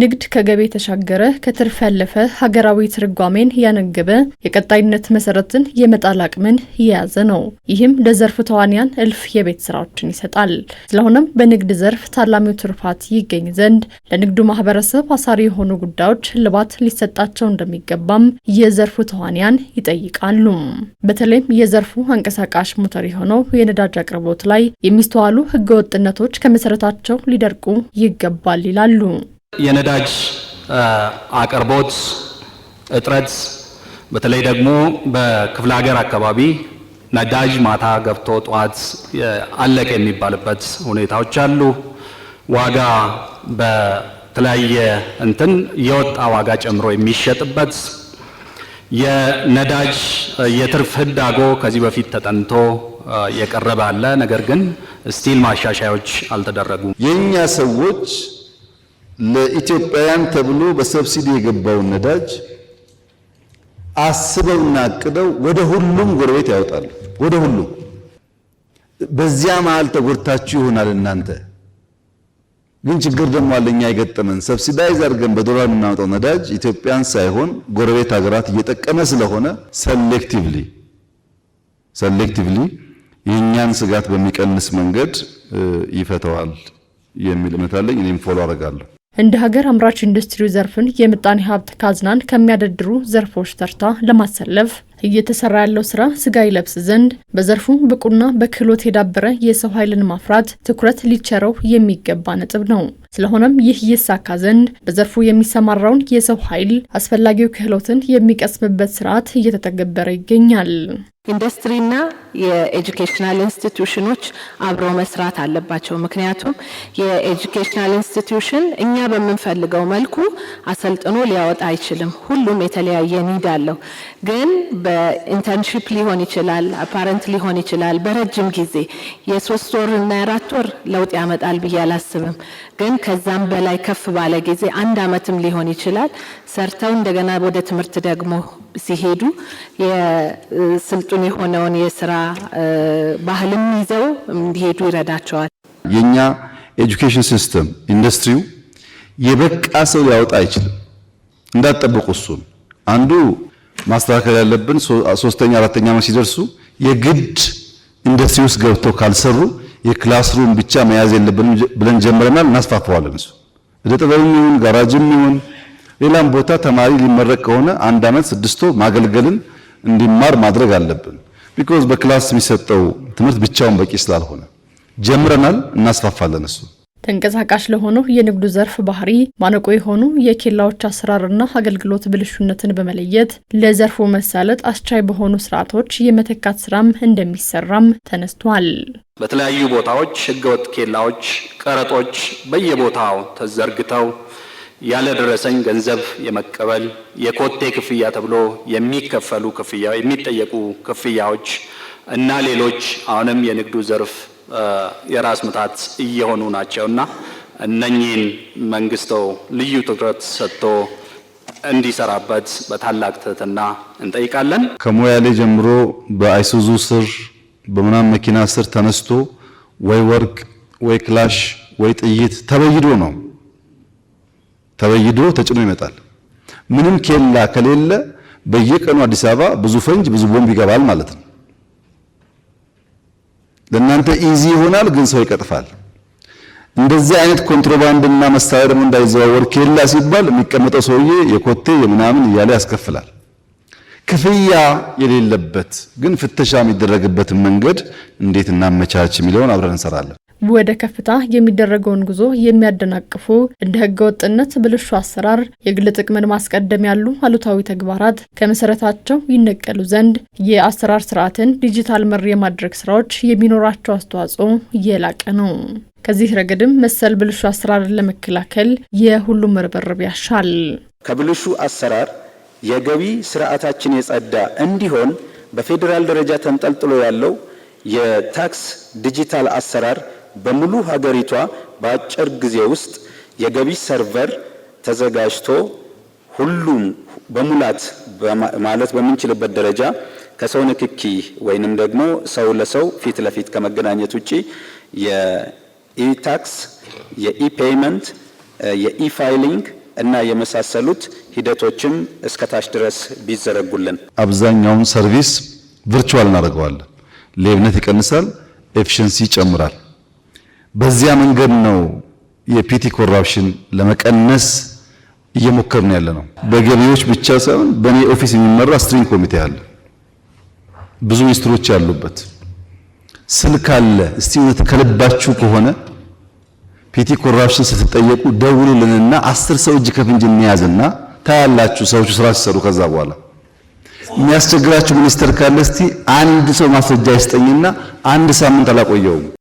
ንግድ ከገቢ የተሻገረ ከትርፍ ያለፈ ሀገራዊ ትርጓሜን ያነገበ የቀጣይነት መሰረትን የመጣል አቅምን የያዘ ነው። ይህም ለዘርፉ ተዋንያን እልፍ የቤት ስራዎችን ይሰጣል። ስለሆነም በንግድ ዘርፍ ታላሚው ትሩፋት ይገኝ ዘንድ ለንግዱ ማህበረሰብ አሳሪ የሆኑ ጉዳዮች ልባት ሊሰጣቸው እንደሚገባም የዘርፉ ተዋንያን ይጠይቃሉ። በተለይም የዘርፉ አንቀሳቃሽ ሞተር የሆነው የነዳጅ አቅርቦት ላይ የሚስተዋሉ ህገወጥነቶች ከመሰረታቸው ሊደርቁ ይገባል ይላሉ። የነዳጅ አቅርቦት እጥረት በተለይ ደግሞ በክፍለ ሀገር አካባቢ ነዳጅ ማታ ገብቶ ጠዋት አለቀ የሚባልበት ሁኔታዎች አሉ። ዋጋ በተለያየ እንትን የወጣ ዋጋ ጨምሮ የሚሸጥበት የነዳጅ የትርፍ ህዳጎ ከዚህ በፊት ተጠንቶ የቀረበ አለ። ነገር ግን ስቲል ማሻሻያዎች አልተደረጉም። የእኛ ሰዎች ለኢትዮጵያውያን ተብሎ በሰብሲዲ የገባውን ነዳጅ አስበውና አቅደው ወደ ሁሉም ጎረቤት ያወጣሉ። ወደ ሁሉም በዚያ መሃል ተጎድታችሁ ይሆናል እናንተ ግን ችግር ደግሞ አለኛ የገጠመን ሰብሲዳይዝ አድርገን በዶላር የምናመጣው ነዳጅ ኢትዮጵያን ሳይሆን ጎረቤት ሀገራት እየጠቀመ ስለሆነ ሰሌክቲቭሊ ሰሌክቲቭሊ የእኛን ስጋት በሚቀንስ መንገድ ይፈተዋል የሚል እምነት አለኝ። እኔም ፎሎ አደርጋለሁ። እንደ ሀገር አምራች ኢንዱስትሪው ዘርፍን የምጣኔ ሀብት ካዝናን ከሚያደድሩ ዘርፎች ተርታ ለማሰለፍ እየተሰራ ያለው ስራ ስጋ ይለብስ ዘንድ በዘርፉ ብቁና በክህሎት የዳበረ የሰው ኃይልን ማፍራት ትኩረት ሊቸረው የሚገባ ነጥብ ነው። ስለሆነም ይህ ይሳካ ዘንድ በዘርፉ የሚሰማራውን የሰው ኃይል አስፈላጊው ክህሎትን የሚቀስምበት ስርዓት እየተተገበረ ይገኛል። ኢንዱስትሪና የኤጁኬሽናል ኢንስቲትዩሽኖች አብረው መስራት አለባቸው። ምክንያቱም የኤጁኬሽናል ኢንስቲትዩሽን እኛ በምንፈልገው መልኩ አሰልጥኖ ሊያወጣ አይችልም። ሁሉም የተለያየ ኒድ አለው ግን በ በኢንተርንሽፕ ሊሆን ይችላል፣ አፓረንት ሊሆን ይችላል። በረጅም ጊዜ የሶስት ወር እና የአራት ወር ለውጥ ያመጣል ብዬ አላስብም። ግን ከዛም በላይ ከፍ ባለ ጊዜ አንድ አመትም ሊሆን ይችላል ሰርተው እንደገና ወደ ትምህርት ደግሞ ሲሄዱ የስልጡን የሆነውን የስራ ባህልም ይዘው እንዲሄዱ ይረዳቸዋል። የኛ ኤጁኬሽን ሲስተም ኢንዱስትሪው የበቃ ሰው ሊያወጣ አይችልም። እንዳትጠብቁ እሱን አንዱ ማስተካከል ያለብን ሶስተኛ አራተኛ ዓመት ሲደርሱ የግድ ኢንዱስትሪ ውስጥ ገብተው ካልሰሩ የክላስሩም ብቻ መያዝ የለብንም ብለን ጀምረናል። እናስፋፋዋለን። እሱ እደ ጥበብም ይሁን ጋራጅም ይሁን ሌላም ቦታ ተማሪ ሊመረቅ ከሆነ አንድ ዓመት ስድስቶ ማገልገልን እንዲማር ማድረግ አለብን። ቢኮዝ በክላስ የሚሰጠው ትምህርት ብቻውን በቂ ስላልሆነ ጀምረናል፣ እናስፋፋለን እሱ ተንቀሳቃሽ ለሆነው የንግዱ ዘርፍ ባህሪ ማነቆ የሆኑ የኬላዎች አሰራርና አገልግሎት ብልሹነትን በመለየት ለዘርፉ መሳለጥ አስቻይ በሆኑ ስርዓቶች የመተካት ስራም እንደሚሰራም ተነስቷል። በተለያዩ ቦታዎች ህገወጥ ኬላዎች፣ ቀረጦች በየቦታው ተዘርግተው ያለ ገንዘብ የመቀበል የኮቴ ክፍያ ተብሎ የሚከፈሉ ክፍያ የሚጠየቁ ክፍያዎች እና ሌሎች አሁንም የንግዱ ዘርፍ የራስ ምታት እየሆኑ ናቸው እና እነኚህን መንግስተው ልዩ ትኩረት ሰጥቶ እንዲሰራበት በታላቅ ትህትና እንጠይቃለን። ላይ ጀምሮ በአይሱዙ ስር በምናም መኪና ስር ተነስቶ ወይ ወርቅ ወይ ክላሽ ወይ ጥይት ተበይዶ ነው ተበይዶ ተጭኖ ይመጣል። ምንም ኬላ ከሌለ በየቀኑ አዲስ አበባ ብዙ ፈንጅ ብዙ ቦምብ ይገባል ማለት ነው። ለእናንተ ኢዚ ይሆናል፣ ግን ሰው ይቀጥፋል። እንደዚህ አይነት ኮንትሮባንድና መሳሪያ ደግሞ እንዳይዘዋወር ኬላ ሲባል የሚቀመጠው ሰውዬ የኮቴ የምናምን እያለ ያስከፍላል። ክፍያ የሌለበት ግን ፍተሻ የሚደረግበትን መንገድ እንዴት እናመቻች የሚለውን አብረን እንሰራለን። ወደ ከፍታ የሚደረገውን ጉዞ የሚያደናቅፉ እንደ ህገወጥነት፣ ብልሹ አሰራር፣ የግል ጥቅምን ማስቀደም ያሉ አሉታዊ ተግባራት ከመሰረታቸው ይነቀሉ ዘንድ የአሰራር ስርዓትን ዲጂታል መር የማድረግ ስራዎች የሚኖራቸው አስተዋጽኦ እየላቀ ነው። ከዚህ ረገድም መሰል ብልሹ አሰራርን ለመከላከል የሁሉም ርብርብ ያሻል። ከብልሹ አሰራር የገቢ ስርዓታችን የጸዳ እንዲሆን በፌዴራል ደረጃ ተንጠልጥሎ ያለው የታክስ ዲጂታል አሰራር በሙሉ ሀገሪቷ በአጭር ጊዜ ውስጥ የገቢ ሰርቨር ተዘጋጅቶ ሁሉም በሙላት ማለት በምንችልበት ደረጃ ከሰው ንክኪ ወይንም ደግሞ ሰው ለሰው ፊት ለፊት ከመገናኘት ውጪ የኢታክስ፣ የኢፔይመንት፣ የኢፋይሊንግ እና የመሳሰሉት ሂደቶችም እስከታች ድረስ ቢዘረጉልን አብዛኛውን ሰርቪስ ቨርቹዋል እናደርገዋለን። ሌብነት ይቀንሳል፣ ኤፊሽንሲ ይጨምራል። በዚያ መንገድ ነው የፒቲ ኮራፕሽን ለመቀነስ እየሞከርን ያለ ነው። በገቢዎች ብቻ ሳይሆን በእኔ ኦፊስ የሚመራ ስትሪንግ ኮሚቴ አለ፣ ብዙ ሚኒስትሮች ያሉበት ስልክ አለ። እስቲ እውነት ከልባችሁ ከሆነ ፒቲ ኮራፕሽን ስትጠየቁ ደውሉልንና አስር ሰው እጅ ከፍንጅ እንያዝና ታያላችሁ ሰዎቹ ስራ ሲሰሩ። ከዛ በኋላ የሚያስቸግራችሁ ሚኒስትር ካለ እስቲ አንድ ሰው ማስረጃ ይስጠኝና አንድ ሳምንት አላቆየውም።